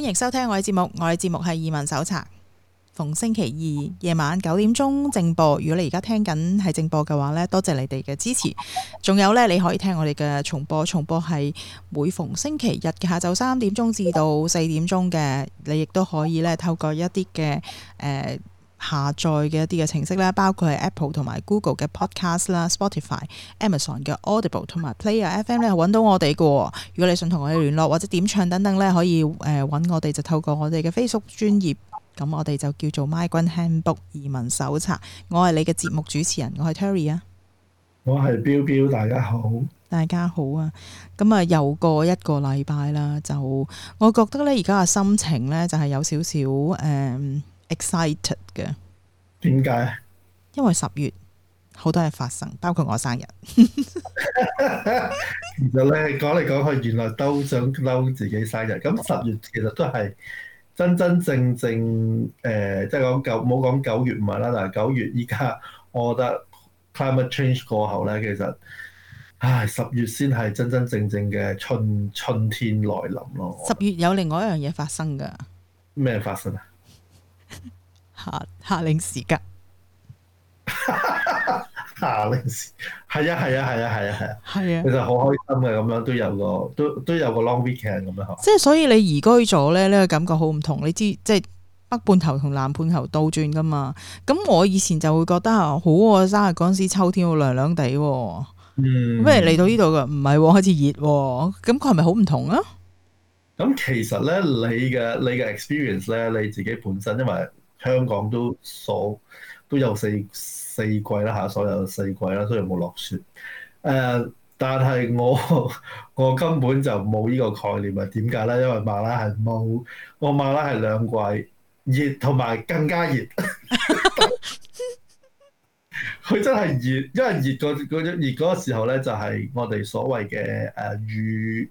歡迎收聽我哋節目，我哋節目係移民手冊，逢星期二夜晚九點鐘正播。如果你而家聽緊係正播嘅話呢，多謝你哋嘅支持。仲有呢，你可以聽我哋嘅重播，重播係每逢星期日嘅下晝三點鐘至到四點鐘嘅，你亦都可以呢透過一啲嘅誒。呃下載嘅一啲嘅程式啦，包括係 Apple 同埋 Google 嘅 Podcast 啦、Spotify、Amazon 嘅 Audible 同埋 Player FM 咧，係揾到我哋嘅。如果你想同我哋聯絡或者點唱等等咧，可以誒揾、呃、我哋就透過我哋嘅 Facebook 專頁，咁我哋就叫做 My Green Handbook 移民手冊。我係你嘅節目主持人，我係 Terry 啊。我係 Bill Bill。大家好，大家好啊！咁啊，又過一個禮拜啦，就我覺得咧，而家嘅心情咧就係有少少誒。嗯 excited 嘅，點解？為因為十月好多嘢發生，包括我生日。其實咧，講嚟講去，原來都想嬲自己生日。咁十月其實都係真真正正誒，即係講九冇講九月唔係啦。嗱，九月依家，我覺得 climate change 過後咧，其實唉，十月先係真真正正嘅春春天來臨咯。十月有另外一樣嘢發生噶，咩發生啊？夏夏令時間，夏令時係啊係啊係啊係啊係啊，啊啊啊啊啊其實好開心嘅咁樣，都有個都都有個 long weekend 咁樣，即係所以你移居咗咧，呢、呢個感覺好唔同。你知即係北半球同南半球倒轉噶嘛？咁我以前就會覺得啊，好喎，生日嗰時秋天好涼涼地，嗯，咁嚟到呢度嘅唔係開始熱，啊，咁佢係咪好唔同啊？咁其實咧，你嘅你嘅 experience 咧，你自己本身，因為香港都數都有四四季啦嚇，所有四季啦，所以冇落雪。誒、uh，但係我我根本就冇呢個概念啊！點解咧？因為馬拉係冇，我馬拉係兩季熱，同埋更加熱。佢 真係熱，因為熱嗰嗰熱時候咧，就係我哋所謂嘅誒雨。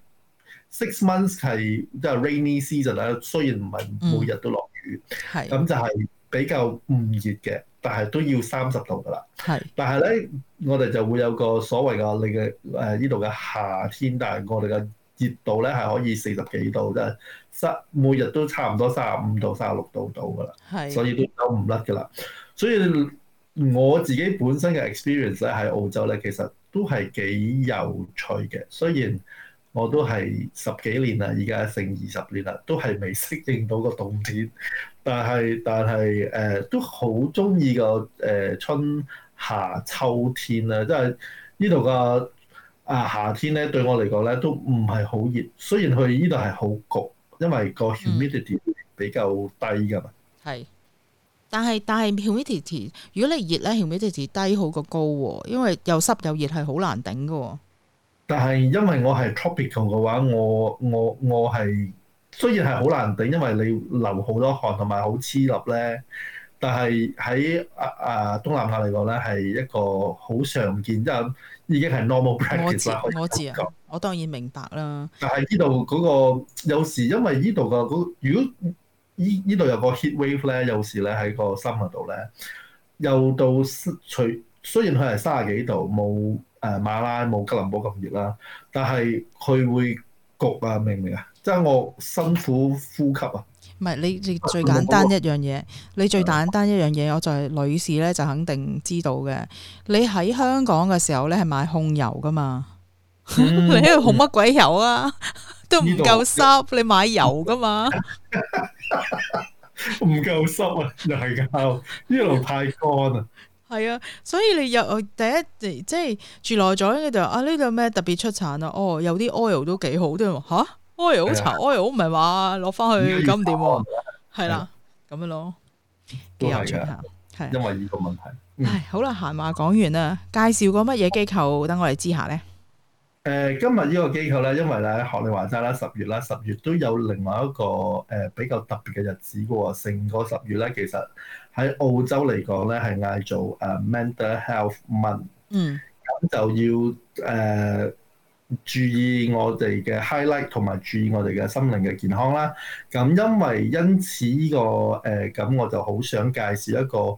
Six months 係，即係 rainy season 啦，雖然唔係每日都落雨，咁、嗯、就係比較唔熱嘅，但係都要三十度噶啦。係是，但係咧我哋就會有個所謂嘅你嘅誒呢度嘅夏天，但係我哋嘅熱度咧係可以四十幾度，即係三每日都差唔多三十五度、三十六度到噶啦。係是，所以都走唔甩噶啦。所以我自己本身嘅 experience 咧喺澳洲咧，其實都係幾有趣嘅，雖然。我都係十幾年啦，而家成二十年啦，都係未適應到個冬天。但係但係誒、呃，都好中意個誒、呃、春夏秋天啦，即係呢度個啊夏天咧，對我嚟講咧都唔係好熱。雖然佢呢度係好焗，因為個 humidity 比較低㗎嘛。係、嗯，但係但係 humidity，如果你熱咧，humidity 低好過高喎、啊，因為又濕又熱係好難頂㗎喎、啊。但係因為我係 tropical 嘅話，我我我係雖然係好難頂，因為你流好多汗同埋好黐粒咧。但係喺啊啊東南亞嚟講咧，係一個好常見，即係已經係 normal practice 我。我知我知啊，我當然明白啦。但係呢度嗰個有時因為呢度嘅如果呢呢度有個 heat wave 咧，有時咧喺個 summer 度咧，又到除雖然佢係三十幾度冇。誒、呃、馬拉冇吉林冇咁熱啦，但係佢會焗啊，明唔明啊？即係我辛苦呼吸啊！唔係你最最簡單一樣嘢，你最簡單一樣嘢，嗯、我就係女士咧就肯定知道嘅。你喺香港嘅時候咧係買控油噶嘛？嗯、 你喺度控乜鬼油啊？嗯、都唔夠濕，嗯、你買油噶嘛？唔、嗯、 夠濕啊！又係啊！呢度太乾啊！ 係啊，所以你又第一即係住耐咗，佢就啊呢度咩特別出產啊，哦有啲 oil 都幾好，都話吓 oil 好炒，oil 唔係話攞翻去咁點，係啦咁樣咯，幾有趣下啊、都係嘅，係因為呢個問題。唉，好啦，閒話講完啦，介紹個乜嘢機構等我哋知下咧。誒今日呢個機構咧，因為咧學你話齋啦，十月啦，十月都有另外一個誒、呃、比較特別嘅日子嘅喎、哦，成個十月咧其實喺澳洲嚟講咧係嗌做誒 Mental Health Month，嗯，咁就要誒、呃、注意我哋嘅 highlight 同埋注意我哋嘅心靈嘅健康啦。咁因為因此呢、這個誒，咁、呃、我就好想介紹一個。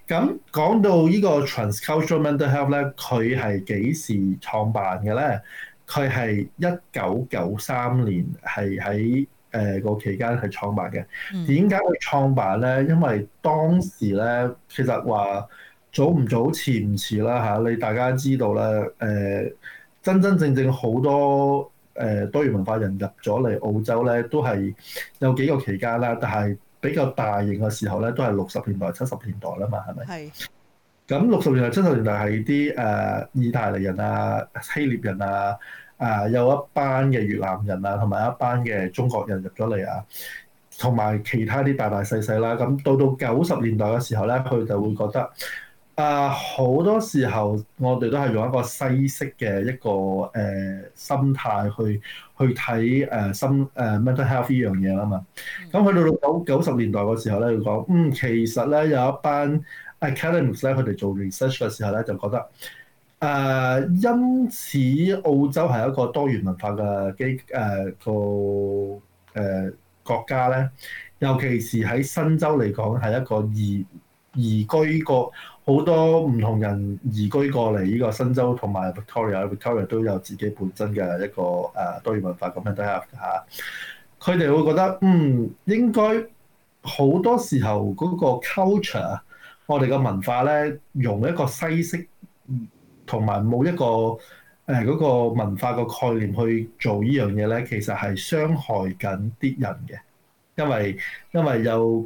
咁講到呢個 Transcultural Mental Health 咧，佢係幾時創辦嘅咧？佢係一九九三年係喺誒個期間係創辦嘅。點解佢創辦咧？因為當時咧，其實話早唔早、遲唔遲啦嚇。你大家知道咧，誒真真正正好多誒多元文化人入咗嚟澳洲咧，都係有幾個期間啦，但係，比較大型嘅時候咧，都係六十年代、七十年代啦嘛，係咪？係。咁六十年代、七十年代係啲誒意大利人啊、希臘人啊、誒、呃、有一班嘅越南人啊，同埋一班嘅中國人入咗嚟啊，同埋其他啲大大細細啦。咁到到九十年代嘅時候咧，佢就會覺得。啊！好多時候我哋都係用一個西式嘅一個誒、呃、心態去去睇誒、呃、心誒、呃、mental health 呢樣嘢啦嘛。咁去到到九九十年代嘅時候咧，佢講，嗯，其實咧有一班 academics 咧，佢哋做 research 嘅時候咧就覺得啊、呃，因此澳洲係一個多元文化嘅基誒個誒國家咧，尤其是喺新州嚟講係一個移移居國。好多唔同人移居過嚟呢個新州同埋 Vict Victoria，Victoria 都有自己本身嘅一個誒多元文化，咁嘅底下，佢哋會覺得嗯應該好多時候嗰個 culture，我哋嘅文化咧用一個西式同埋冇一個誒嗰、呃、個文化嘅概念去做呢樣嘢咧，其實係傷害緊啲人嘅，因為因為有。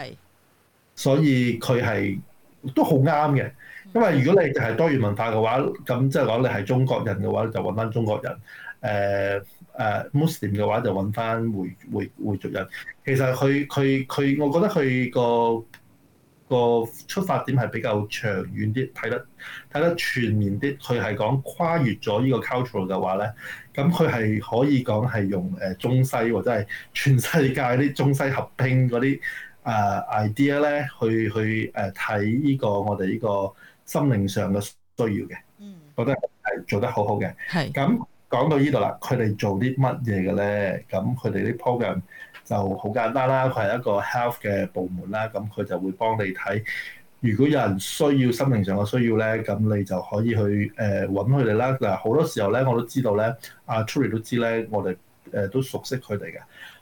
係，是所以佢係都好啱嘅，因為如果你就係多元文化嘅話，咁即係講你係中國人嘅話，就揾翻中國人，誒、呃、誒、呃、Muslim 嘅話就揾翻回回回族人。其實佢佢佢，我覺得佢個個出發點係比較長遠啲，睇得睇得全面啲。佢係講跨越咗呢個 culture 嘅話咧，咁佢係可以講係用誒中西，或者係全世界啲中西合拼嗰啲。誒、uh, idea 咧，去去誒睇呢個我哋呢個心靈上嘅需要嘅，mm. 覺得係做得好好嘅。係咁是講到呢度啦，佢哋做啲乜嘢嘅咧？咁佢哋啲 program 就好簡單啦，佢係一個 health 嘅部門啦。咁佢就會幫你睇，如果有人需要心靈上嘅需要咧，咁你就可以去誒揾佢哋啦。嗱，好多時候咧，我都知道咧，阿 Tury 都知咧，我哋誒都熟悉佢哋嘅。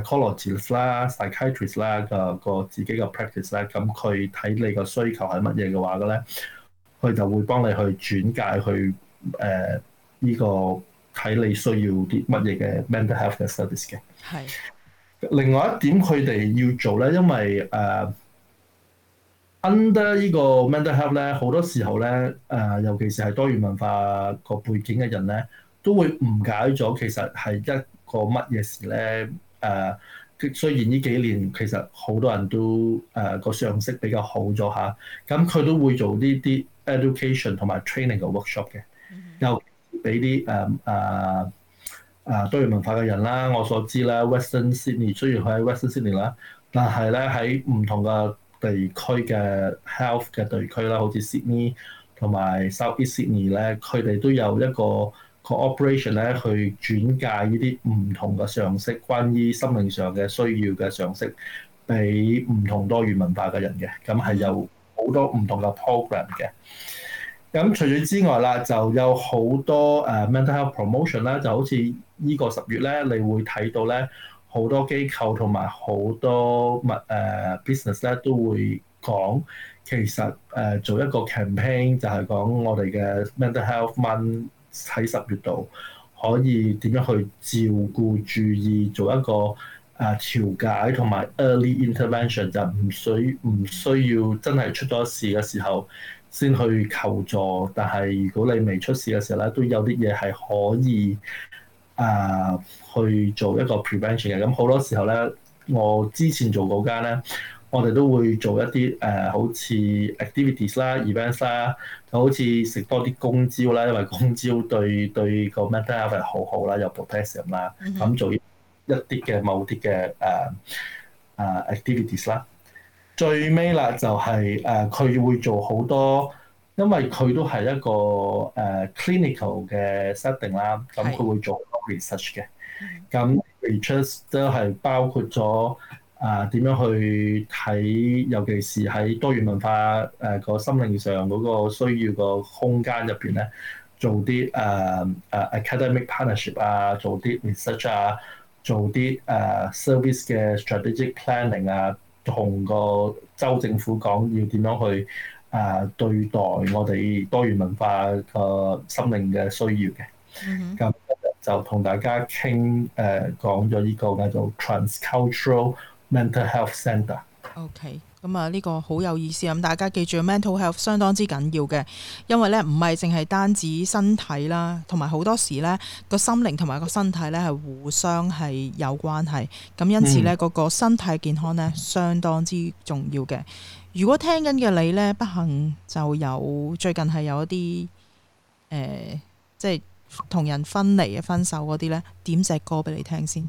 psychologist 啦、psychiatrist 啦，個個自己個 practice 啦，咁佢睇你個需求係乜嘢嘅話嘅咧，佢就會幫你去轉介去誒依、uh, 呢個睇你需要啲乜嘢嘅 mental health 嘅 service 嘅。係是另外一點，佢哋要做咧，因為誒、uh, under 呢個 mental health 咧，好多時候咧，誒、uh, 尤其是係多元文化個背景嘅人咧，都會誤解咗其實係一個乜嘢事咧。誒，雖然呢幾年其實好多人都誒個常識比較好咗嚇，咁佢都會做呢啲 education 同埋 training 嘅 workshop 嘅，又俾啲誒誒誒多元文化嘅人啦，我所知啦，Western Sydney 雖然佢喺 Western Sydney 啦，但係咧喺唔同嘅地區嘅 health 嘅地區啦，好似 Sydney 同埋 South East Sydney 咧，佢哋都有一個。Cooperation 咧，去轉介呢啲唔同嘅常識，關於心靈上嘅需要嘅常識，俾唔同多元文化嘅人嘅，咁係有好多唔同嘅 program 嘅。咁除咗之外啦，就有好多誒 mental health promotion 啦，就好似呢個十月咧，你會睇到咧，好多機構同埋好多乜誒 business 咧都會講，其實誒做一個 campaign 就係講我哋嘅 mental health month 喺十月度可以點樣去照顧、注意做一個誒、啊、調解同埋 early intervention，就唔需唔需要真係出咗事嘅時候先去求助。但係如果你未出事嘅時候咧，都有啲嘢係可以誒、啊、去做一個 prevention 嘅。咁好多時候咧，我之前做嗰間咧。我哋都會做一啲誒，好似 activities 啦、events 啦，就好似食多啲公蕉啦，因為公蕉對對個 mental health 好好啦，有 potassium 啦，咁做一啲嘅某啲嘅誒誒 activities 啦。最尾啦，就係誒佢會做好多，因為佢都係一個誒 clinical 嘅 setting 啦，咁佢會做好多 research 嘅，咁 research 都係包括咗。啊，點樣去睇？尤其是喺多元文化誒個心靈上嗰個需要個空間入邊咧，做啲誒誒 academic partnership 啊，做啲 research 啊，做啲誒、uh, service 嘅 strategic planning 啊，同個州政府講要點樣去誒、uh, 對待我哋多元文化個心靈嘅需要嘅。咁、mm hmm. 就同大家傾誒、uh, 講咗呢個叫做 Transcultural。mental health centre。O K，咁啊呢個好有意思啊！咁大家記住，mental health 相當之緊要嘅，因為咧唔係淨係單止身體啦，同埋好多時咧個心靈同埋個身體咧係互相係有關係。咁因此咧，嗰個、嗯、身體健康咧相當之重要嘅。如果聽緊嘅你咧不幸就有最近係有一啲誒、呃，即係同人分離、分手嗰啲咧，點隻歌俾你聽先。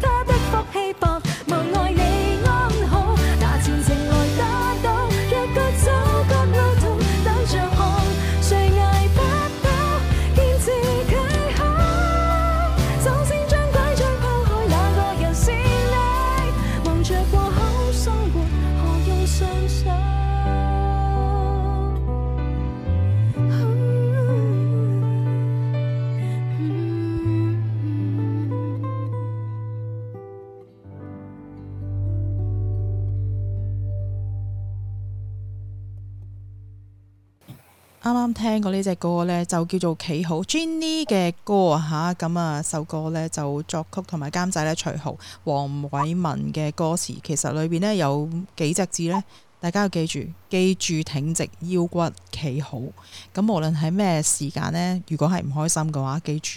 他的福氣吧。 啱啱聽過呢隻歌呢就叫做《企好》，Gin Lee 嘅歌，吓，咁啊首歌呢就作曲同埋監製咧徐豪、黃偉文嘅歌詞，其實裏邊呢有幾隻字呢。大家要記住，記住挺直腰骨，企好。咁無論喺咩時間呢，如果係唔開心嘅話，記住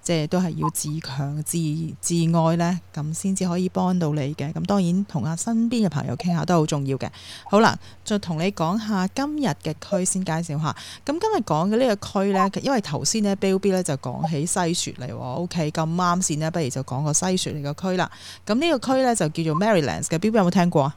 即係都係要自強自自愛呢，咁先至可以幫到你嘅。咁當然同下身邊嘅朋友傾下都好重要嘅。好啦，就同你講下今日嘅區先介紹下。咁今日講嘅呢個區呢，因為頭先呢 Bill Bill 咧就講起西雪嚟喎。O K，咁啱先呢，不如就講個西雪嚟個區啦。咁呢個區呢，就叫做 Merrylands 嘅。Bill Bill 有冇聽過啊？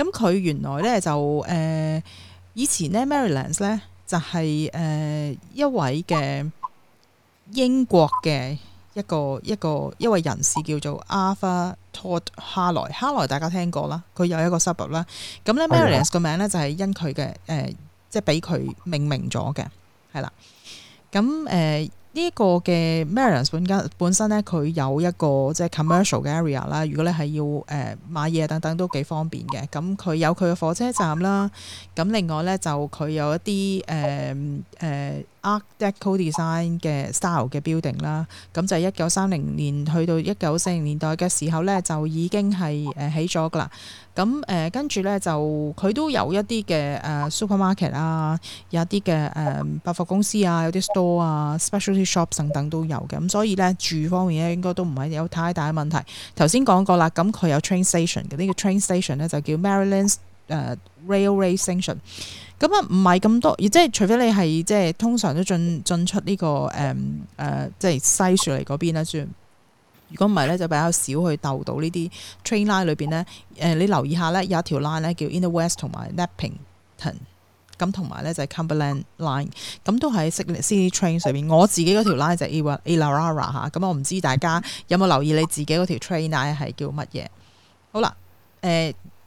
咁佢原來咧就誒、呃、以前咧 Merrylands 咧就係、是、誒、呃、一位嘅英國嘅一個一個一位人士叫做 Arthur Todd Holroyd，Holroyd 大家聽過啦，佢有一個 suburb 啦。咁咧的 Merrylands 個名咧就係、是、因佢嘅誒，即係俾佢命名咗嘅，係啦。咁誒。呃呢個嘅 Merrylands 本，本身本身咧，佢有一個即係 commercial 嘅 area 啦。如果你係要誒、呃、買嘢等等都幾方便嘅。咁、嗯、佢有佢嘅火車站啦。咁、嗯、另外咧就佢有一啲誒誒。呃呃 Art Deco design 嘅 style 嘅 building 啦，咁就係一九三零年去到一九四零年代嘅時候咧，就已經係誒、呃、起咗噶啦。咁誒跟住咧就佢都有一啲嘅誒、呃、supermarket 啊，有一啲嘅誒百貨公司啊，有啲 store 啊，specialty shops 等等都有嘅。咁所以咧住方面咧應該都唔係有太大嘅問題。頭先講過啦，咁佢有 train station 嘅，呢個 train station 咧就叫 Merrylands。誒、uh, railway station，咁啊唔係咁多，而即係除非你係即係通常都進進出呢、這個誒誒、嗯呃，即係西雪梨嗰邊啦算。如果唔係咧，就比較少去鬥到呢啲 train line 裏邊咧。誒、呃，你留意下咧，有一條 line 咧叫 Inner West 同埋 Nappington，p 咁同埋咧就係、是、Cumberland Line，咁都喺 City Train 上面。我自己嗰條 line 就 Illawarra，咁我唔知大家有冇留意，你自己嗰條 train line 係叫乜嘢？好啦，誒、呃。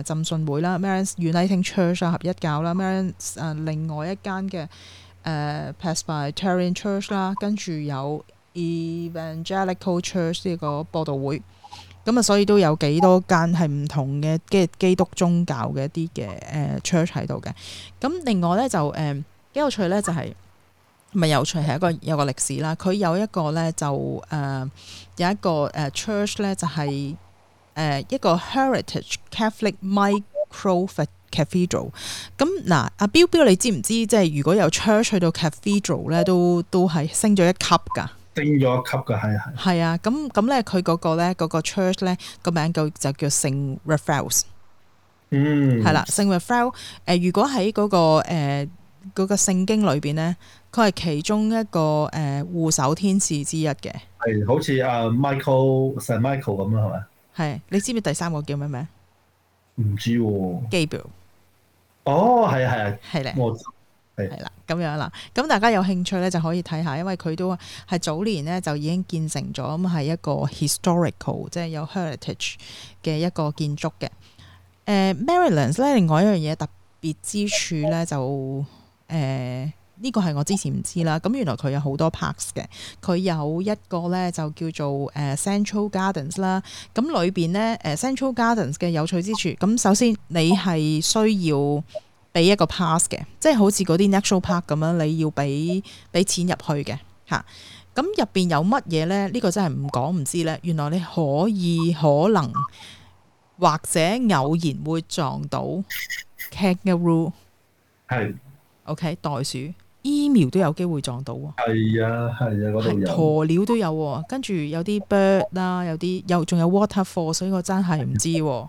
誒浸信會啦，Merrylands Uniting Church 啊，合一教啦 Merrylands、啊、另外一間嘅誒、呃、Presbyterian Church 啦，跟住有 Evangelical Church 呢個播道會，咁啊，所以都有幾多間係唔同嘅，即係基督宗教嘅一啲嘅誒 church 喺度嘅。咁另外咧就誒幾、呃、有趣咧，就係、是、咪有趣係一個有個歷史啦。佢有一個咧就誒有一個誒、呃呃、church 咧就係、是。誒一個 heritage Catholic micro cathedral，咁嗱，阿、啊、彪彪，你知唔知即係如果有 church 去到 cathedral 咧，都都係升咗一級噶，升咗一級噶，係係係啊，咁咁咧，佢、嗯、嗰、嗯、個咧，嗰、那個 church 咧，個名叫就叫聖 Raphael 嗯，係啦，聖 Raphael 誒，如果喺嗰、那個誒嗰、呃那個聖經裏邊咧，佢係其中一個誒護守天使之一嘅，係好似阿 Michael、St. Michael 咁啊，係咪？係，你知唔知第三個叫咩名？唔知哦。Gabriel。哦，係啊，係啊，係咧，係啦，咁樣啦，咁大家有興趣咧就可以睇下，因為佢都係早年咧就已經建成咗，咁係一個 historical，即係有 heritage 嘅一個建築嘅。誒，Merrylands 咧，另外一樣嘢特別之處咧就誒。呃呢個係我之前唔知啦，咁原來佢有好多 park 嘅，佢有一個呢就叫做誒、uh, Central Gardens 啦。咁裏邊呢，誒 Central Gardens 嘅有趣之處，咁首先你係需要俾一個 pass 嘅，即係好似嗰啲 national park 咁樣，你要俾俾錢入去嘅嚇。咁入邊有乜嘢呢？呢、呢個真係唔講唔知呢。原來你可以可能或者偶然會撞到 kangaroo 係。OK，袋鼠、emu 都有機會撞到喎。係啊，係啊，嗰啲有鴕鳥都有喎，跟住有啲 bird 啦、啊，有啲又仲有 waterfall，所以我真係唔知喎。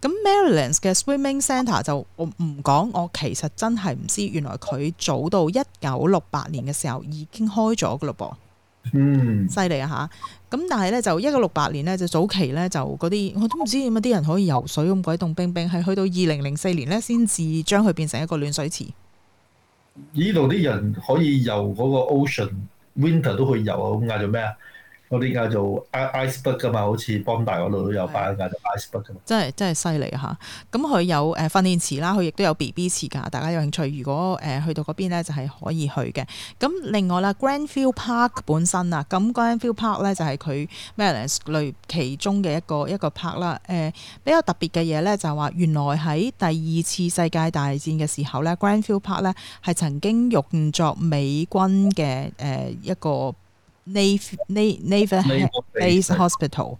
咁 Merrylands 嘅 swimming centre 就我唔講，我其實真係唔知，原來佢早到一九六八年嘅時候已經開咗噶咯噃。嗯，犀利啊吓！咁但係咧就一九六八年咧就早期咧就嗰啲我都唔知點解啲人可以游水咁鬼凍冰冰，係去到二零零四年咧先至將佢變成一個暖水池。呢度啲人可以游嗰個 Ocean Winter 都可以游啊，咁嗌做咩啊？我啲嗌做、I、iceberg 噶嘛，好似邦大嗰度都有擺一間叫 iceberg 噶。真係真係犀利嚇！咁佢有誒訓練池啦，佢亦都有 BB 池㗎。大家有興趣，如果誒、呃、去到嗰邊咧，就係可以去嘅。咁另外咧，Grandview Park 本身啊，咁 Grandview Park 咧就係佢 Merrylands 類其中嘅一個一個 park 啦。誒、呃、比較特別嘅嘢咧，就係話原來喺第二次世界大戰嘅時候咧，Grandview Park 咧係曾經用作美軍嘅誒一個。奈奈奈佛 base hospital，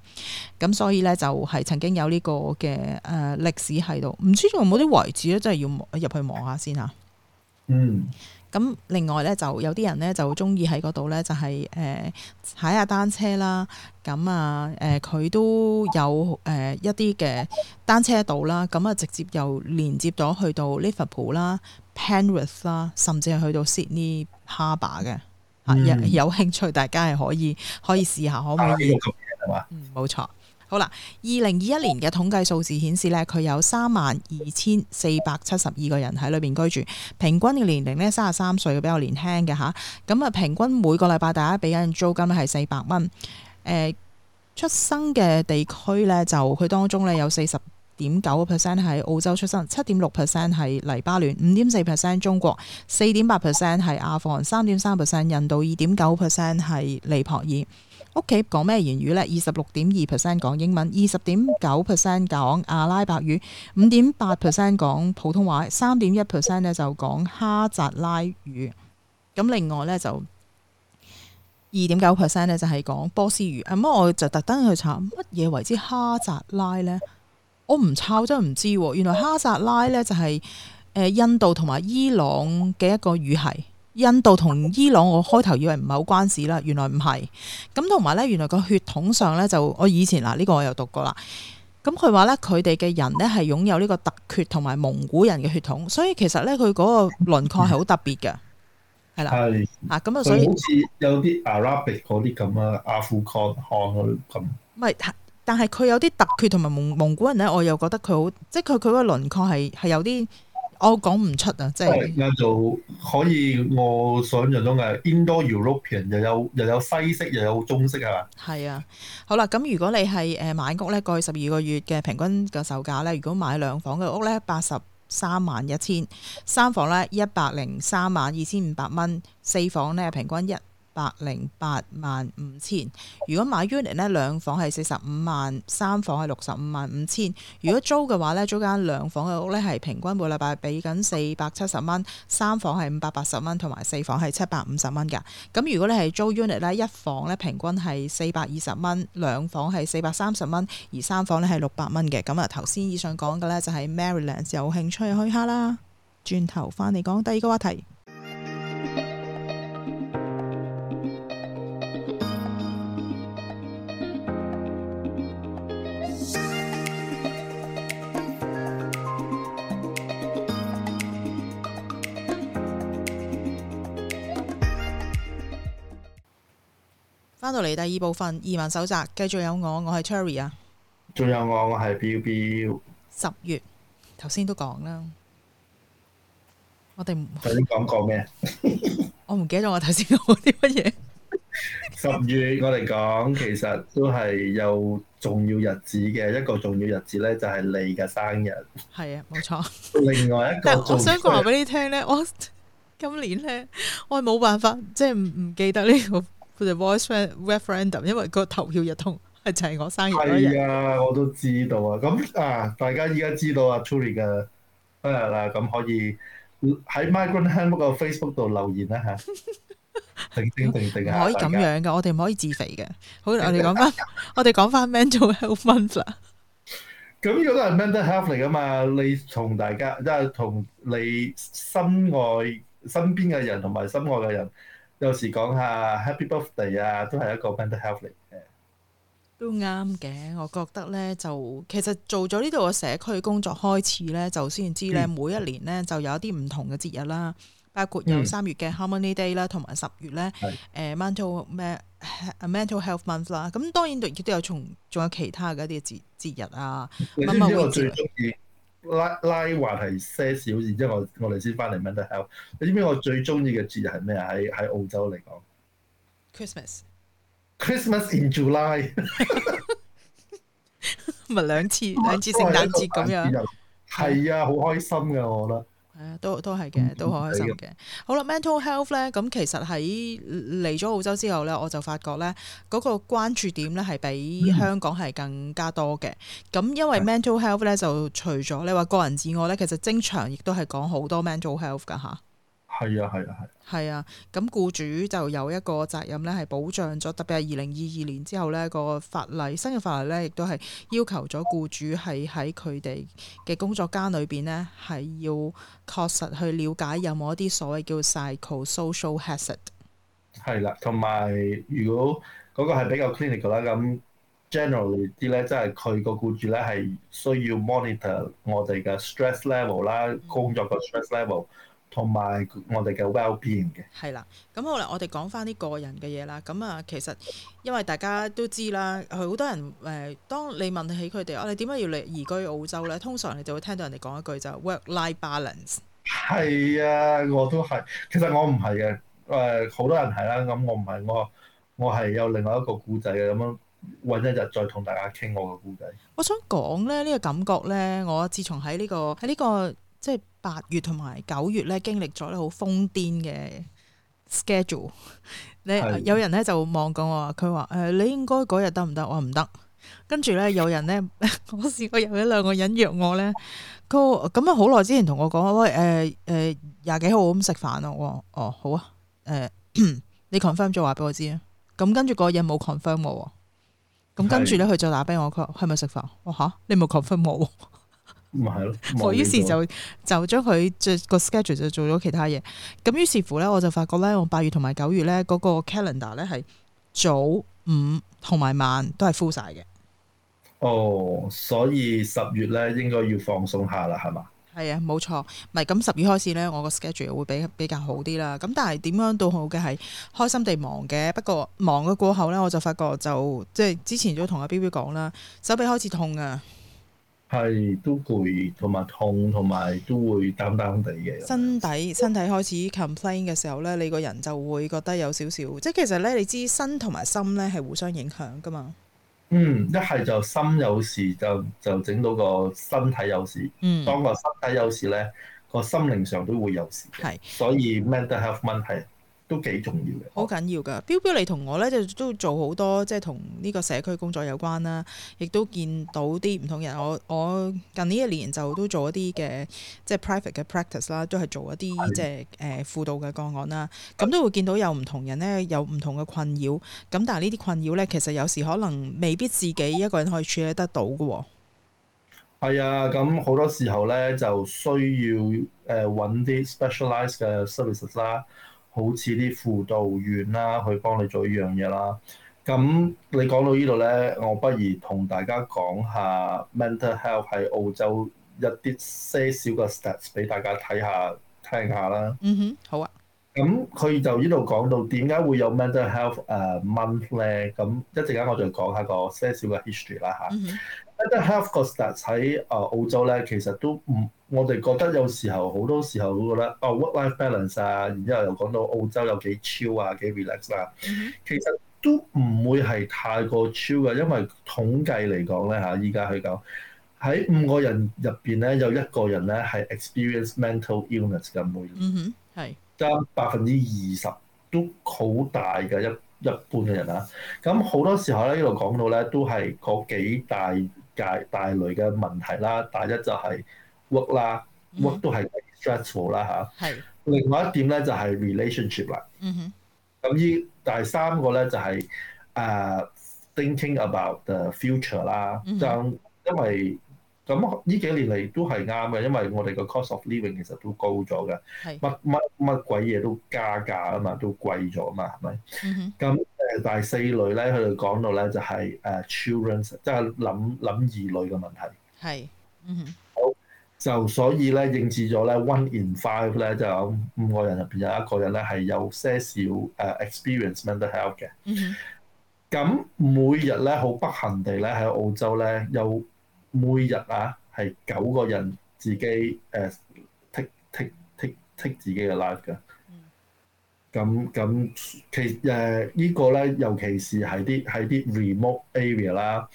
咁所以咧就係、是、曾經有呢個嘅誒、呃、歷史喺度，唔知仲有冇啲遺址咧，真係要入去望下先嚇、啊。嗯，咁另外咧就有啲人咧就中意喺嗰度咧就係、是、誒、呃、踩下單車啦，咁啊誒佢都有誒、呃、一啲嘅單車道啦，咁、嗯、啊、呃、直接又連接咗去到 Liverpool 啦、Penrith 啦，甚至係去到 Sydney Harbour 嘅。有有興趣，大家係可以可以試下，可唔可以？嗯，冇錯。好啦，二零二一年嘅統計數字顯示咧，佢有三萬二千四百七十二個人喺裏邊居住，平均嘅年齡咧，三十三歲比較年輕嘅吓，咁啊，平均每個禮拜大家俾緊租金係四百蚊。誒、呃，出生嘅地區咧，就佢當中咧有四十點九個 percent 喺澳洲出生，七點六 percent 喺黎巴嫩，五點四 percent 中國，四點八 percent 係阿富汗，三點三 percent 印度，二點九 percent 係尼泊爾。屋企講咩言語呢？二十六點二 percent 講英文，二十點九 percent 講阿拉伯語，五點八 percent 講普通話，三點一 percent 咧就講哈扎拉語。咁另外呢，就二點九 percent 呢就係講波斯語。咁我就特登去查乜嘢為之哈扎拉呢？我唔查真係唔知喎，原來哈扎拉咧就係、是、誒印度同埋伊朗嘅一個語系。印度同伊朗我開頭以為唔係好關事啦，原來唔係。咁同埋咧，原來個血統上咧就我以前嗱呢、這個我又讀過啦。咁佢話咧佢哋嘅人咧係擁有呢個突厥同埋蒙古人嘅血統，所以其實咧佢嗰個輪廓係好特別嘅，係啦。係啊，咁啊，所以好似有啲 Arabic 嗰啲咁啊，阿富汗漢咁。唔係。但係佢有啲特缺同埋蒙蒙古人咧，我又覺得佢好，即係佢佢個輪廓係係有啲我講唔出啊！即係而、嗯、可以，我想像中嘅。Indo-European 又有又有西式又有中式啊！係啊，好啦，咁如果你係誒買屋咧，過去十二個月嘅平均個售價咧，如果買兩房嘅屋咧，八十三萬一千；三房咧一百零三萬二千五百蚊；四房咧平均一。百零八萬五千，如果買 unit 咧，兩房係四十五萬，三房係六十五萬五千。如果租嘅話咧，租間兩房嘅屋咧，係平均每禮拜俾緊四百七十蚊，三房係五百八十蚊，同埋四房係七百五十蚊㗎。咁如果你係租 unit 咧，一房咧平均係四百二十蚊，兩房係四百三十蚊，而三房咧係六百蚊嘅。咁啊，頭先以上講嘅咧就係 Merrylands 有興趣去下啦。轉頭翻嚟講第二個話題。嚟，第二部分移民手冊，繼續有我，我係 Tury 啊，仲有我，我係 Bill Bill。十月頭先都講啦，我哋唔頭先講過咩 我唔記得咗我頭先講啲乜嘢。十月我哋講，其實都係有重要日子嘅一個重要日子咧，就係你嘅生日。係啊，冇錯。另外一個 但我，我想講話俾你聽咧，我今年咧，我係冇辦法，即係唔記得呢，這個。佢哋 voice Re referendum，因為個投票日通，係就係、是、我生日。係啊，我都知道啊。咁、嗯、啊，大家依家知道阿 Tury 嘅生日啦，咁可以喺 Migrant Handbook 個 Facebook 度留言啦吓。定定定定，唔可以咁樣嘅，我哋唔可以自肥嘅。好，我哋講翻， 我哋講翻 Mental Health Month 啦。咁呢個都係 mental health 嚟噶嘛？你同大家即係同你心愛身邊嘅人同埋心愛嘅人。有時講下 Happy Birthday 啊，都係一個 mental health 嚟嘅，都啱嘅。我覺得呢，就其實做咗呢度嘅社區工作開始呢，就先知呢，每一年呢，就有一啲唔同嘅節日啦，嗯、包括有三月嘅 Harmony Day 啦，同埋十月呢誒、嗯欸、Mental Ma, Mental Health Month 啦。咁當然亦都有從仲有，有其他嘅一啲節節日啊。拉拉話係些少，然之後我我哋先翻嚟 mental health。你知唔知我最中意嘅節日係咩啊？喺喺澳洲嚟講，Christmas，Christmas in July，咪兩次兩次聖誕節咁樣，係啊，好開心㗎我覺得。誒，都、嗯、都係嘅，都好開心嘅。嗯、好啦，mental health 咧，咁其實喺嚟咗澳洲之後咧，我就發覺咧，嗰個關注點咧係比香港係更加多嘅。咁、嗯、因為 mental health 咧，就除咗你話個人之外咧，其實正場亦都係講好多 mental health 噶嚇。係啊，係啊，係。係啊，咁僱主就有一個責任咧，係保障咗。特別係二零二二年之後咧，個法例新嘅法例咧，亦都係要求咗僱主係喺佢哋嘅工作間裏邊咧，係要確實去了解有冇一啲所謂叫 psychosocial hazard。係啦、啊，同埋如果嗰個係比較 clinical 啦，咁 generally 啲咧，即係佢個僱主咧係需要 monitor 我哋嘅 stress level 啦、嗯，工作嘅 stress level。同埋我哋嘅 wellbeing 嘅。係啦，咁好啦，我哋講翻啲個人嘅嘢啦。咁啊，其實因為大家都知啦，佢好多人誒，當你問起佢哋，我哋點解要嚟移居澳洲咧？通常你就會聽到人哋講一句就 work-life balance。係啊，我都係。其實我唔係嘅，誒、呃、好多人係啦。咁我唔係我，我係有另外一個故仔嘅。咁樣揾一日再同大家傾我嘅故仔。我想講咧呢、這個感覺咧，我自從喺呢、這個喺呢、這個即係。八月同埋九月咧，經歷咗咧好瘋癲嘅 schedule。 你是的 有人咧就望過我，佢話誒，你應該嗰日得唔得？我唔得。跟住咧，有人咧，嗰 時我試過有一兩個人約我咧，佢咁樣好耐之前同我講，喂、呃，誒誒廿幾號咁食飯咯。哦，好啊，誒、呃，你 confirm 咗話俾我知啊。咁跟住嗰個人冇 confirm 我。咁、嗯、跟住咧，佢就打俾我，佢係咪食飯？我、哦、吓，你冇 confirm 我。唔係咯，我於是就就將佢著個 schedule 就做咗其他嘢，咁於是乎咧，我就發覺咧，我八月同埋九月咧嗰、那個 calendar 咧係早、午同埋晚都係 full 晒嘅。哦，所以十月咧應該要放鬆下啦，係嘛？係啊，冇錯，咪咁十月開始咧，我個 schedule 會比較比較好啲啦。咁但係點樣都好嘅係開心地忙嘅，不過忙嘅過後咧，我就發覺就即係、就是、之前都同阿 Bill Bill 講啦，手臂開始痛啊。係都攰，同埋痛，同埋都會淡淡地嘅。身體身體開始 complain 嘅時候咧，你個人就會覺得有少少。即係其實咧，你知身同埋心咧係互相影響㗎嘛。嗯，一係就心有事就就整到個身體有事。嗯，當個身體有事咧，個心靈上都會有事。係是，所以 mental health 問題，都幾重要嘅，好緊要噶！Bill Bill，你同我咧就都做好多即係同呢個社區工作有關啦，亦都見到啲唔同人。我我近呢一年就都做一啲嘅即係 private 嘅 practice 啦，都係做一啲的即係誒、呃、輔導嘅個案啦。咁都會見到有唔同人咧，有唔同嘅困擾。咁但係呢啲困擾咧，其實有時可能未必自己一個人可以處理得到嘅喎。係啊，咁好多時候咧就需要誒揾啲 specialized 嘅 services 啦。好似啲輔導員啦，去幫你做呢樣嘢啦。咁你講到呢度咧，我不如同大家講下 mental health 喺澳洲一啲些少嘅 stats 俾大家睇下聽下啦。嗯哼、mm，hmm. 好啊。咁佢就呢度講到點解會有 Mental Health 誒 Month 咧？咁一陣間我就講下個些少嘅 history 啦吓。Mm hmm. 一啲 health cost 喺啊澳洲咧，其實都唔，我哋覺得有時候好多時候嗰個得：oh,「哦 work-life balance 啊，然之後又講到澳洲有幾超啊，幾 relax 啊，mm hmm. 其實都唔會係太過超嘅，因為統計嚟講咧吓，依家佢講喺五個人入邊咧，有一個人咧係 experience mental illness 嘅，每年嗯哼，係得百分之二十都好大嘅一一般嘅人啊，咁好多時候咧一路講到咧都係嗰幾大，帶帶來嘅問題啦，第一就係 work 啦，work 都係 stressful 啦嚇。係。另外一點咧就係 relationship 啦。嗯哼。咁呢第三個咧就係誒 thinking about the future 啦。嗯。就因為咁呢幾年嚟都係啱嘅，因為我哋個 cost of living 其實都高咗嘅。係。乜乜乜鬼嘢都加價啊嘛，都貴咗啊嘛。係咪。嗯哼。咁。誒第四類咧，佢哋講到咧就係誒 children，即係諗諗兒女嘅問題。係，嗯。好，就所以咧，應試咗咧，one in five 咧，即係五個人入邊有一個人咧係有些少誒 experience mental health 嘅。嗯。咁每日咧，好不幸地咧，喺澳洲咧，有每日啊，係九個人自己誒 take take take take 自己嘅 life 㗎。咁咁其誒呢個咧，尤其是係啲係啲 remote area 啦，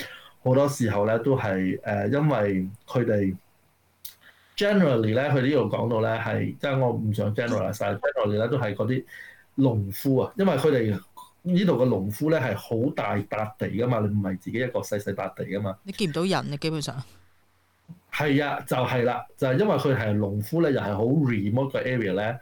好多時候咧都係誒、呃，因為佢哋 generally 咧，佢呢度講到咧係，即係我唔想 generalize，generally 咧都係嗰啲農夫啊，因為佢哋呢度嘅農夫咧係好大笪地噶嘛，你唔係自己一個細細笪地噶嘛，你見唔到人啊，基本上係啊，就係、是、啦，就係、是、因為佢係農夫咧，又係好 remote 嘅 area 咧。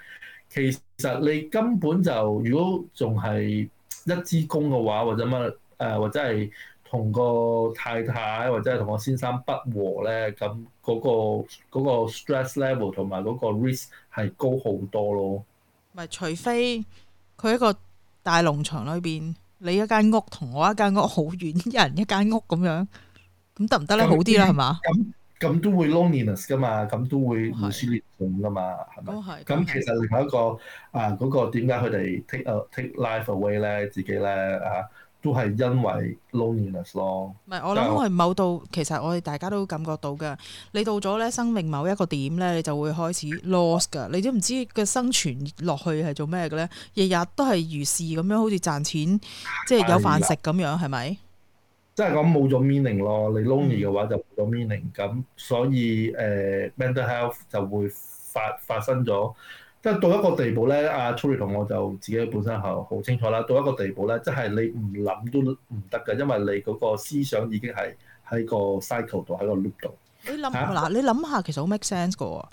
其實你根本就如果仲係一支公嘅話，或者乜誒、呃，或者係同個太太或者係同個先生不和咧，咁嗰、嗰個嗰個嗰個 stress level 同埋嗰個 risk 係高好多咯。唔係除非佢一個大農場裏邊，你一間屋同我一間屋好遠， 一人一間屋咁樣，咁得唔得咧？好啲啦，係嘛、嗯？咁都會 loneliness 㗎嘛，咁都會撕裂痛㗎嘛，係咪？都係。咁其實另外一個啊，嗰個點解佢哋 take 啊 take life away 咧，自己咧啊，都係因為 loneliness 咯。唔係，我諗係某度，其實我哋大家都感覺到㗎。你到咗咧生命某一個點咧，你就會開始 lost 㗎。你都唔知個生存落去係做咩嘅咧？日日都係如是咁樣，好似賺錢即係有飯食咁樣，係咪？即係講冇咗 meaning 咯，你 lonely 嘅話就冇咗 meaning、嗯。咁所以誒、呃、mental health 就會發發生咗。即、就、係、是、到一個地步咧，阿 Chloe 同我就自己本身係好清楚啦。嗯、到一個地步咧，即、就、係、是、你唔諗都唔得㗎，因為你嗰個思想已經係喺個 cycle 度，喺個 loop 度。你諗想嗱，啊、你諗下其實好 make sense 㗎喎。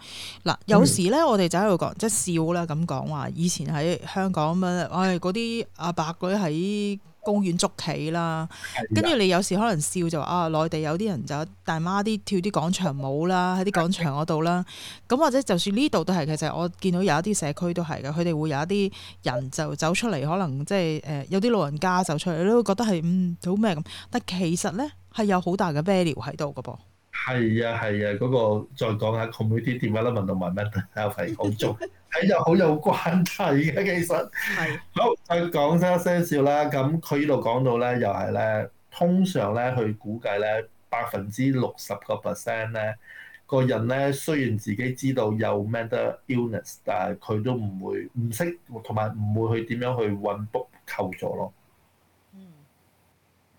嗱、啊，有時咧、嗯、我哋就喺度講即係笑啦咁講話，以前喺香港咁樣，唉嗰啲阿伯嗰啲喺。公園捉棋啦，跟住你有時可能笑就話啊，內地有啲人就大媽啲跳啲廣場舞啦，喺啲廣場嗰度啦。咁 或者就算呢度都係，其實我見到有一啲社區都係嘅，佢哋會有一啲人就走出嚟，可能即係誒有啲老人家走出嚟，你都會覺得係嗯好咩咁。但其實咧係有好大嘅 value 喺度嘅噃。係啊係啊，嗰個再講下佢 o 啲點樣啦，運動文明嘅 e 睇就好有關係嘅，其實係好再講多些少啦。咁佢呢度講到咧，又係咧，通常咧，佢估計咧，百分之六十個 percent 咧，個人咧雖然自己知道有 mental illness，但係佢都唔會唔識同埋唔會去點樣去揾 book 求助咯。嗯，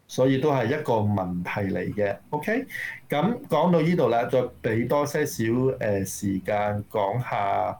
所以都係一個問題嚟嘅。OK，咁講到呢度啦，再俾多些少誒時間講下。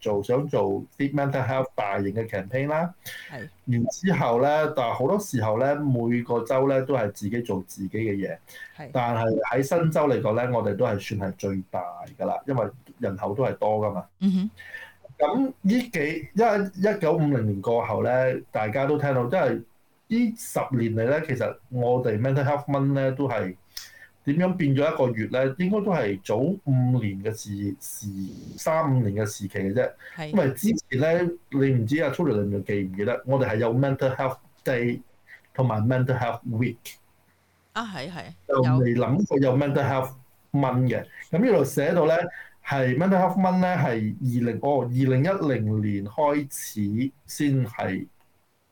做想做 fit mental health 大型嘅 campaign 啦是，係。然之後咧，但係好多時候咧，每個州咧都係自己做自己嘅嘢，係是。但係喺新州嚟講咧，我哋都係算係最大㗎啦，因為人口都係多㗎嘛。嗯，咁呢幾因為一九五零年過後咧，大家都聽到，即係呢十年嚟咧，其實我哋 mental health Month 咧都係。點樣變咗一個月咧應該都係早五年嘅時時三五年嘅時期嘅啫係因為之前咧你唔知阿出倫倫仲記唔記得我哋係有 Mental Health Day 同埋 Mental Health Week 啊係係啊就未諗過有 Mental Health Month 嘅咁呢度寫到咧係 Mental Health Month 咧係二零哦二零一零年開始先係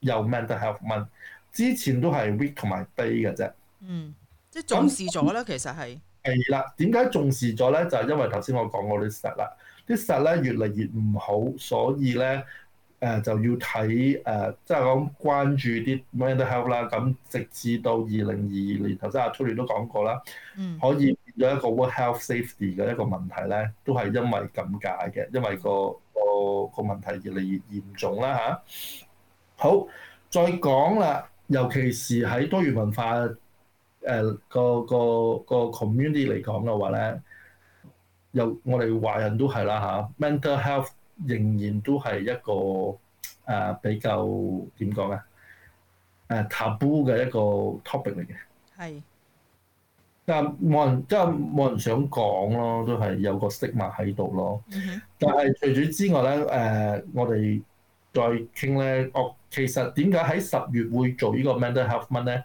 有 Mental Health Month 之前都係 Week 同埋 Day 嘅啫嗯即重視咗啦，其實係係啦。點解、嗯、重視咗咧？就係、是、因為頭先我講過啲實啦，啲實咧越嚟越唔好，所以咧誒、呃、就要睇誒，即係講關注啲 mental health 啦。咁直至到二零二二年，頭先阿 Tury 都講過啦，嗯、可以變咗一個 work health safety 嘅一個問題咧，都係因為噉解嘅，因為個個個問題越嚟越嚴重啦吓、啊？好，再講啦，尤其是喺多元文化。誒、啊、個個個 community 嚟講嘅話咧，又我哋華人都係啦嚇、啊、，mental health 仍然都係一個誒、啊、比較點講咧誒、啊、taboo 嘅一個 topic 嚟嘅。係是，但冇人即係冇人想講咯，都係有個 stigma 喺度咯。Mm hmm. 但係除咗之外咧，誒我哋再傾咧，我呢其實點解喺十月會做呢個 mental health month 咧？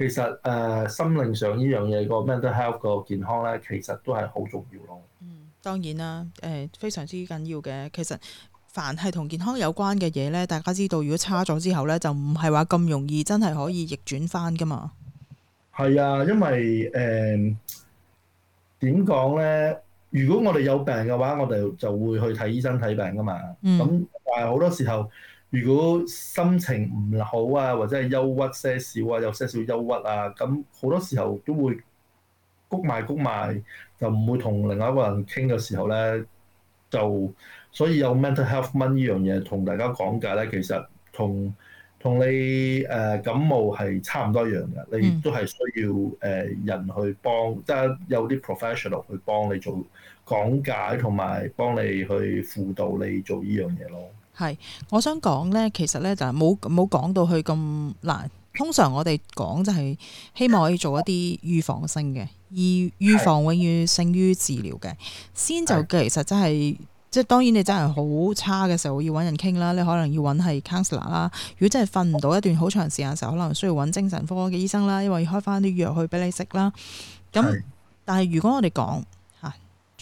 其實誒、呃、心靈上呢樣嘢個 mental health 個健康咧，其實都係好重要咯。嗯，當然啦，誒、呃、非常之緊要嘅。其實凡係同健康有關嘅嘢咧，大家知道如果差咗之後咧，就唔係話咁容易真係可以逆轉翻噶嘛。係啊、嗯，嗯、因為誒點講咧？如果我哋有病嘅話，我哋就會去睇醫生睇病噶嘛。咁但係好多時候，如果心情唔好啊，或者係憂鬱些少啊，有些少憂鬱啊，咁好多時候都會谷埋谷埋，就唔會同另外一個人傾嘅時候咧，就所以有 mental health 呢樣嘢同大家講解咧，其實同同你誒感冒係差唔多一樣嘅，你都係需要誒人去幫，嗯、即係有啲 professional 去幫你做講解同埋幫你去輔導你做呢樣嘢咯。係，我想講咧，其實咧就係冇冇講到佢咁難。通常我哋講就係希望可以做一啲預防性嘅，而預防永遠勝於治療嘅。先就其實真係，的即係當然你真係好差嘅時候要揾人傾啦，你可能要揾係 counselor 啦。如果真係瞓唔到一段好長時間嘅時候，可能需要揾精神科嘅醫生啦，因為要開翻啲藥去俾你食啦。咁，的但係如果我哋講。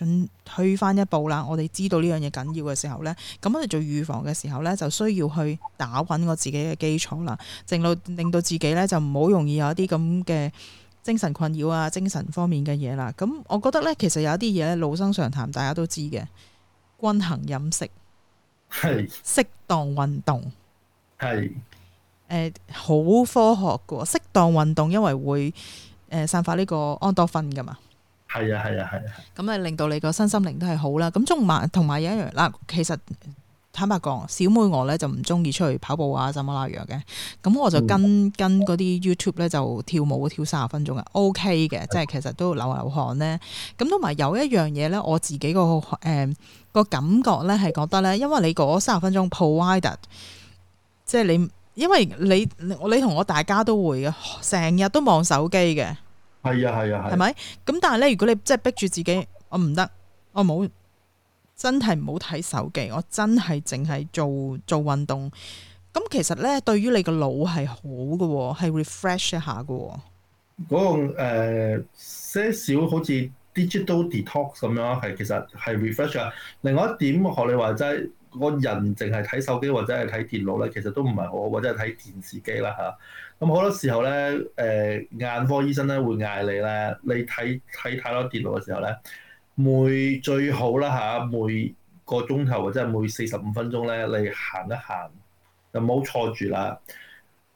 進退翻一步啦，我哋知道呢樣嘢緊要嘅時候呢，咁我哋做預防嘅時候呢，就需要去打穩我自己嘅基礎啦，令到自己呢，就唔好容易有一啲咁嘅精神困擾啊，精神方面嘅嘢啦。咁我覺得呢，其實有一啲嘢呢，老生常談，大家都知嘅，均衡飲食係是適當運動好是、呃、科學嘅喎，適當運動因為會散發呢個安多芬㗎嘛。係啊係啊係啊！咁啊，啊啊令到你個身心靈都係好啦。咁中午同埋有一樣嗱，其實坦白講，小妹我咧就唔中意出去跑步啊，怎麼樣那樣嘅。咁我就跟、嗯、跟嗰啲 YouTube 咧就跳舞跳三十分鐘、OK、啊 OK 嘅，即係其實都流流汗咧。咁同埋有一樣嘢咧，我自己個誒個感覺咧係覺得咧，因為你嗰三十分鐘 provider，即係你，因為你你同我大家都會嘅，成日都望手機嘅。係啊係啊係。係咪啊？咁但係咧，如果你即係逼住自己，我唔得，我冇，真係唔好睇手機，我真係淨係做做運動。咁其實咧，對於你個腦係好噶，係 refresh 一下噶。嗰那個誒，少呃、少好似 digital detox 咁樣，係其實係 refresh。啊。另外一點，學你話齋，個人淨係睇手機或者係睇電腦咧，其實都唔係好，或者係睇電視機啦吓。啊咁好多時候咧，誒、呃、眼科醫生咧會嗌你咧，你睇睇太多電腦嘅時候咧，每最好啦嚇、啊，每個鐘頭或者每四十五分鐘咧，你行一行就唔好坐住啦，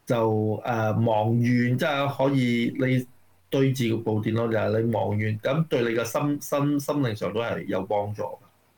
就誒望遠，即係可以你對住部電腦就係你望遠，咁對你嘅心心心靈上都係有幫助。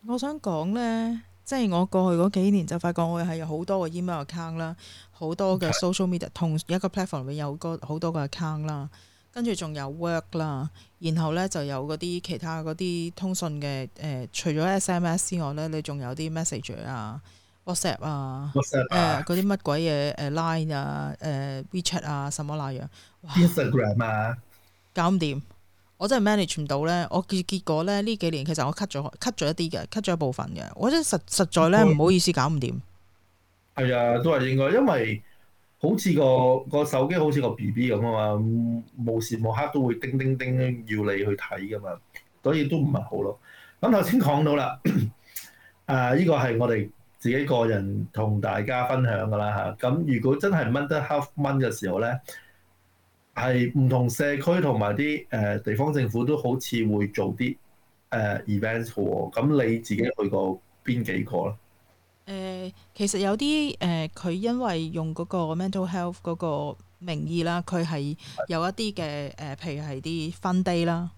我想講咧，即、就、係、是、我過去嗰幾年就發覺我係有好多個 email account 啦。好多嘅 social media 同一個 platform 裏面有個好多個 account 啦，跟住仲有 work 啦，然後咧就有嗰啲其他嗰啲通訊嘅誒，除咗 SMS 之外咧，你仲有啲 message 啊、WhatsApp 啊、誒嗰啲乜鬼嘢誒 Line 啊、誒、呃、WeChat 啊，什麼那樣 Instagram 啊，搞唔掂，我真係 manage 唔到咧。我結結果咧呢幾年其實我 cut 咗 cut 咗一啲嘅，cut 咗一部分嘅。我真實實在咧唔好意思，搞唔掂。係啊、哎，都係應該，因為好似個個手機好似個 B B 咁啊嘛，無時無刻都會叮叮叮要你去睇噶嘛，所以都唔係好咯。咁頭先講到啦，誒呢、 啊呢個係我哋自己個人同大家分享噶啦嚇。咁、啊、如果真係掹得黑掹嘅時候咧，係唔同社區同埋啲誒地方政府都好似會做啲誒 event 喎。咁、uh, 你自己去過邊幾個咧？誒、呃、其實有啲誒，佢、呃、因為用嗰個 mental health 嗰個名義啦，佢係有一啲嘅誒，譬如係啲 fun day 啦。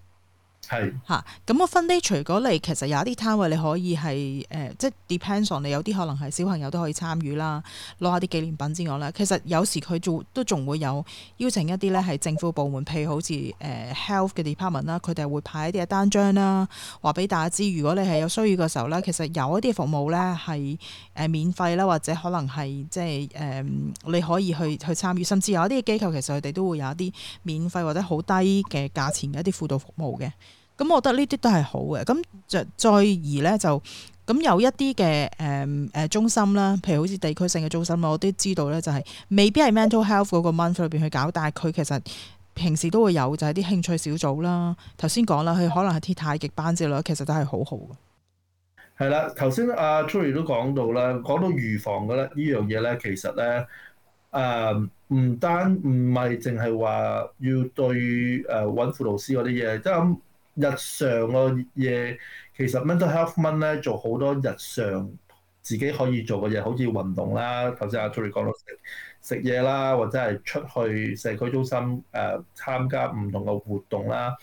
係嚇，咁個 fun day 除咗你，其實有一啲攤位你可以係誒、呃，即係 depends on 你有啲可能係小朋友都可以參與啦，攞下啲紀念品之外啦。其實有時佢做都仲會有邀請一啲咧係政府部門，譬如好似誒、呃、health 嘅 department 啦，佢哋會派一啲嘅單張啦，話俾大家知，如果你係有需要嘅時候咧，其實有一啲服務咧係誒免費啦，或者可能係即係誒你可以去去參與，甚至有一啲機構其實佢哋都會有一啲免費或者好低嘅價錢嘅一啲輔導服務嘅。咁我覺得呢啲都係好嘅，咁就再而咧就咁有一啲嘅誒誒中心啦，譬如好似地區性嘅中心，我都知道咧、就是，就係未必係 mental health 嗰個 month 裏邊去搞，但係佢其實平時都會有，就係、是、啲興趣小組啦。頭先講啦，佢可能係啲太極班之類，其實都係好好嘅。係啦，頭先阿 Tury 都講到啦，講到預防嘅咧呢樣嘢咧，其實咧誒唔單唔係淨係話要對誒揾輔導師嗰啲嘢，即、就是日常個嘢其實 mental health month 呢，做好多日常自己可以做嘅嘢，好似運動啦，頭先阿 Tury 講到食食嘢啦，或者係出去社區中心誒、呃、參加唔同嘅活動啦。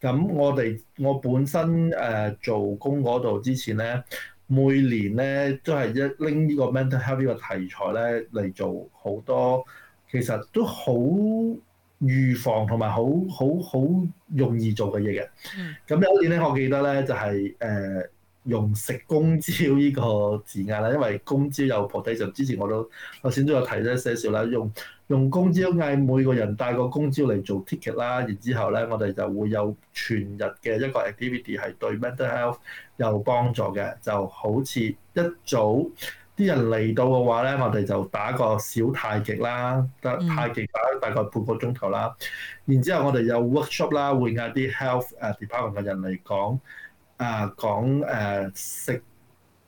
咁我哋我本身誒、呃、做工嗰度之前咧，每年咧都係一拎呢個 mental health 個題材咧嚟做好多，其實都好。預防同埋好好好容易做嘅嘢嘅，咁有、mm hmm. 一年咧，我記得咧就係、是、誒、呃、用食公蕉呢個字眼啦，因為公蕉有菩提就之前我都我先都有提咧寫少啦，用用公蕉嗌每個人帶個公蕉嚟做 ticket 啦，然之後咧我哋就會有全日嘅一個 activity 係對 mental health 有幫助嘅，就好似一早。啲人嚟到嘅話咧，我哋就打個小太極啦，得太極打大概半個鐘頭啦。然之後我哋有 workshop 啦，會嗌啲 health 誒 department 嘅人嚟講啊，講誒食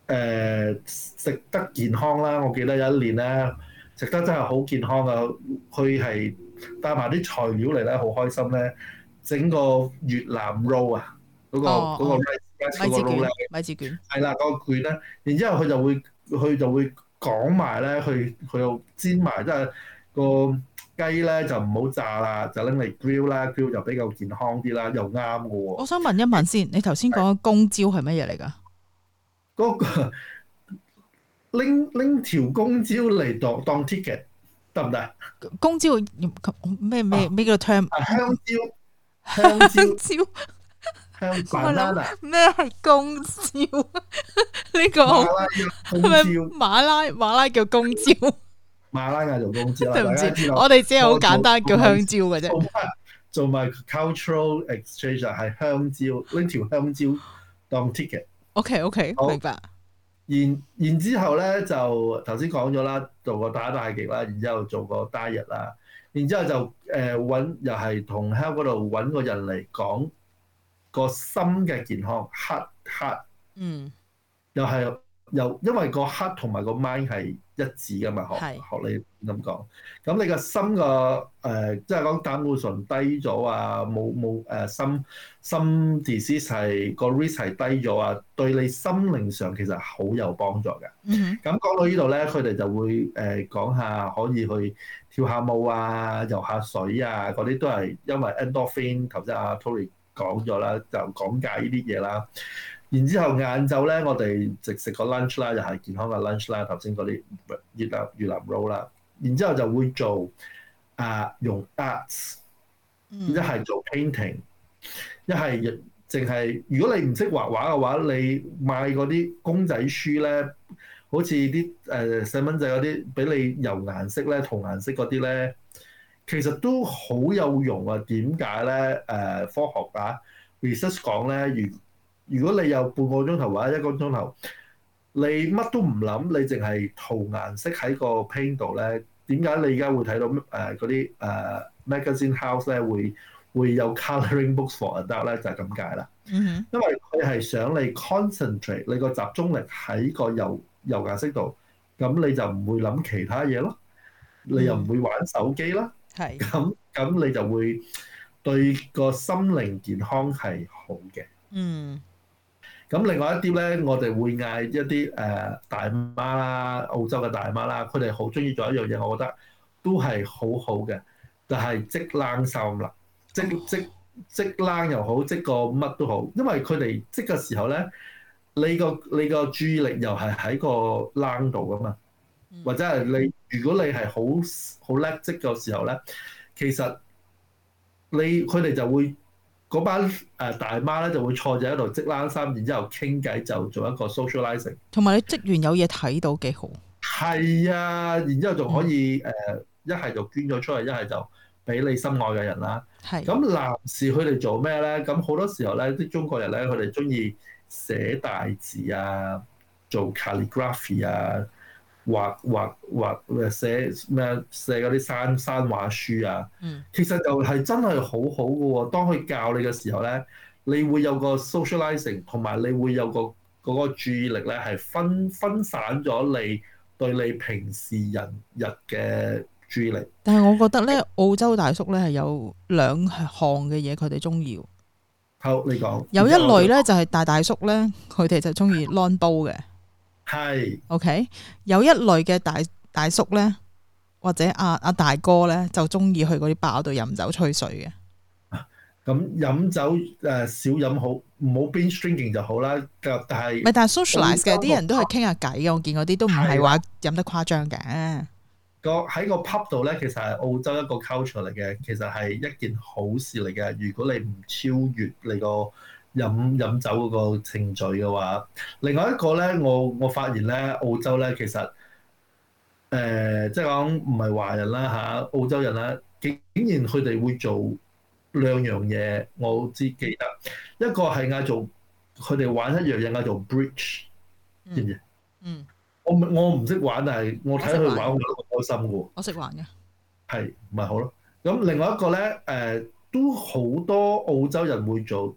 誒食得健康啦。我記得有一年咧，食得真係好健康啊！佢係帶埋啲材料嚟咧，好開心咧，整個越南 roll 啊，嗰個嗰個米紙卷，米紙卷係啦，嗰個卷啦。然之後佢就會。佢就會講埋咧，佢佢又煎埋，即係個雞咧就唔好炸啦，就拎嚟 grill 啦，grill 就比較健康啲啦，又啱嘅喎。我想問一問先，你頭先講嘅公蕉係乜嘢嚟㗎？嗰個拎拎條公蕉嚟當當 ticket 得唔得？公蕉咩咩咩叫 term？香蕉，香蕉。香 banana 咩，係香蕉？呢個係咪？馬拉馬拉叫香蕉？馬拉亞做香蕉啊！我哋只係好簡單叫香蕉嘅啫。做埋 cultural exchange，係香蕉，拎條香蕉當 ticket。OK OK，明白。然然之後咧就頭先講咗啦，做個打太極啦，然之後做個 day one 啦，然之後就誒搵又係同香港度搵個人嚟講。個心嘅健康，heart heart 嗯，又係又因為個 heart 同埋個 mind 係一致㗎嘛，學學你咁講。咁你個心個誒，即係講膽固醇低咗啊，冇冇誒心心 disease 係個 risk 係低咗啊，對你心靈上其實好有幫助嘅。咁講到呢度咧，佢哋就會誒講下可以去跳下舞啊、游下水啊，嗰啲都係因為 endorphin。頭先阿 Tury。講咗啦，就講解呢啲嘢啦。然之後晏晝咧，我哋直食個 lunch 啦，又係健康嘅 lunch 啦。頭先嗰啲越南越南 roll 啦。然之後就會做啊，用 arts，一係、嗯、做 painting，一係淨係如果你唔識畫畫嘅話，你買嗰啲公仔書咧，好似啲誒細蚊仔嗰啲，俾你油顏色咧，塗顏色嗰啲咧。其實都好有用啊！點解咧？誒，科學啊，research 講咧，如如果你有半個鐘頭或者一個鐘頭，你乜都唔諗，你淨係塗顏色喺個 paint 度咧，點解你而家會睇到誒嗰啲誒 magazine house 咧會會有 colouring books for adult 咧？就係咁解啦。嗯，因為佢係想你 concentrate 你個集中力喺個油油顏色度，咁你就唔會諗其他嘢咯，你又唔會玩手機啦。咁咁是你就會對個心靈健康係好嘅。嗯。咁另外一啲咧，我哋會嗌一啲誒、呃、大媽啦，澳洲嘅大媽啦，佢哋好中意做一樣嘢，我覺得都係好好嘅。就係、是、織冷衫啦，織織織,織冷又好，織個乜都好，因為佢哋織嘅時候咧，你個你個注意力又係喺個冷度啊嘛。或者係你，如果你係好好叻織嘅時候咧，其實你佢哋就會嗰班誒大媽咧就會坐住喺度織冷衫，然之後傾偈就做一個 socializing。同埋你織完有嘢睇到幾好。係啊，然之後仲可以誒一係就捐咗出去，一係就俾你心愛嘅人啦。係是。咁男士佢哋做咩咧？咁好多時候咧，啲中國人咧佢哋中意寫大字啊，做 calligraphy 啊。畫畫畫咩寫咩寫嗰啲山山畫書啊，嗯，其實就係真係好好噶喎。當佢教你嘅時候咧，你會有個 socializing 同埋你會有個、嗰個注意力咧係分分散咗你對你平時人日嘅注意力。但係我覺得咧，澳洲大叔咧係有兩項嘅嘢，佢哋中意。好，你講有一類咧就係、是、大大叔咧，佢哋就中意 run 煲嘅。係，OK，有一類嘅大大叔咧，或者阿、啊、阿、啊、大哥咧，就中意去嗰啲 bar 度飲酒吹水嘅。咁飲、嗯、酒誒、呃，少飲好，唔好 binge drinking 就好啦。但係，唔係但係 socialize 嘅，啲人都係傾下偈嘅。我見嗰啲都唔係話飲得誇張嘅。啊、個喺個 pub 度咧，其實係澳洲一個 culture 嚟嘅，其實係一件好事嚟嘅。如果你唔超越你個。飲飲酒嗰個程序嘅話，另外一個咧，我我發現咧，澳洲咧其實，誒，即係講唔係華人啦嚇，澳洲人啦，竟竟然佢哋會做兩樣嘢，我只記得一個係嗌做，佢哋玩一樣嘢嗌做 bridge，知唔知？嗯，我唔我唔識玩，但係我睇佢玩，我覺得好開心嘅喎。我識玩嘅，係咪好咯？咁另外一個咧，誒，都好多澳洲人會做。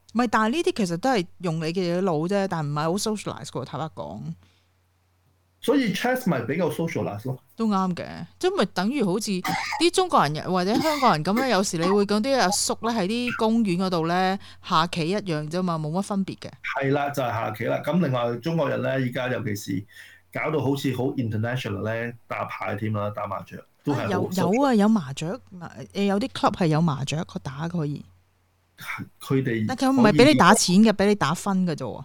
唔係但係呢啲其實都係用你嘅腦啫，但唔係好 socialize 坦白講。所以 Chess 咪，就是，比較 socialize 咯，都啱嘅。即係咪等於好似啲中國人或者香港人咁樣， 有時你會講啲阿叔咧喺啲公園嗰度咧下棋一樣啫嘛，冇乜分別嘅。係啦，就係、是，下棋啦。咁另外中國人咧，而家尤其是搞到好似好 international 咧打牌添啦，打麻雀都係、啊、有有啊，有麻雀有啲 club 係有麻雀，個打可以。佢哋，佢唔係俾你打錢嘅，俾你打分嘅啫。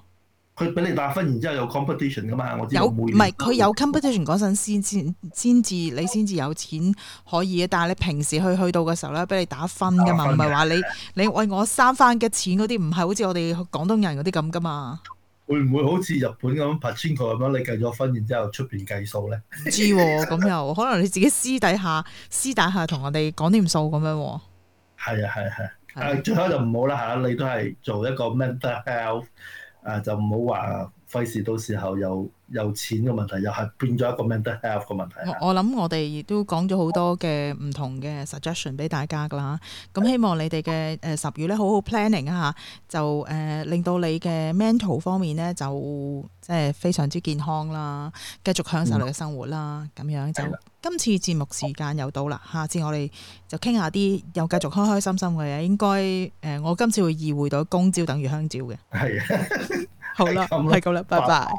佢俾你打分，然之後有 competition 噶嘛？我知有唔係佢有 competition 嗰陣先先先至你先至有錢可以。但係你平時去去到嘅時候咧，俾你打分噶嘛？唔係話你你為我收翻嘅錢嗰啲，唔係好似我哋廣東人嗰啲咁噶嘛？會唔會好似日本咁樣？你計咗分然之後出邊計數咧？唔知咁又可能你自己私底下私底下同人哋講啲數咁樣。係啊係啊係。係最好就唔好啦吓，你都係做一個 mental health，誒就唔好話。費事到時候又有，有錢嘅問題，又係變咗一個 mental health 嘅問題。我我諗我哋亦都講咗好多嘅唔同嘅 suggestion 俾大家噶啦，咁希望你哋嘅誒十月咧，好好 planning 一下，就誒、呃、令到你嘅 mental 方面咧就即係、呃、非常之健康啦，繼續享受你嘅生活啦，咁、嗯、樣就今次節目時間又到啦。的下次我哋就傾下啲又繼續開開心心嘅嘢。應該誒、呃、我今次會意會到公蕉等於香蕉嘅。係是的 好啦，係咁啦，拜拜。Hey, come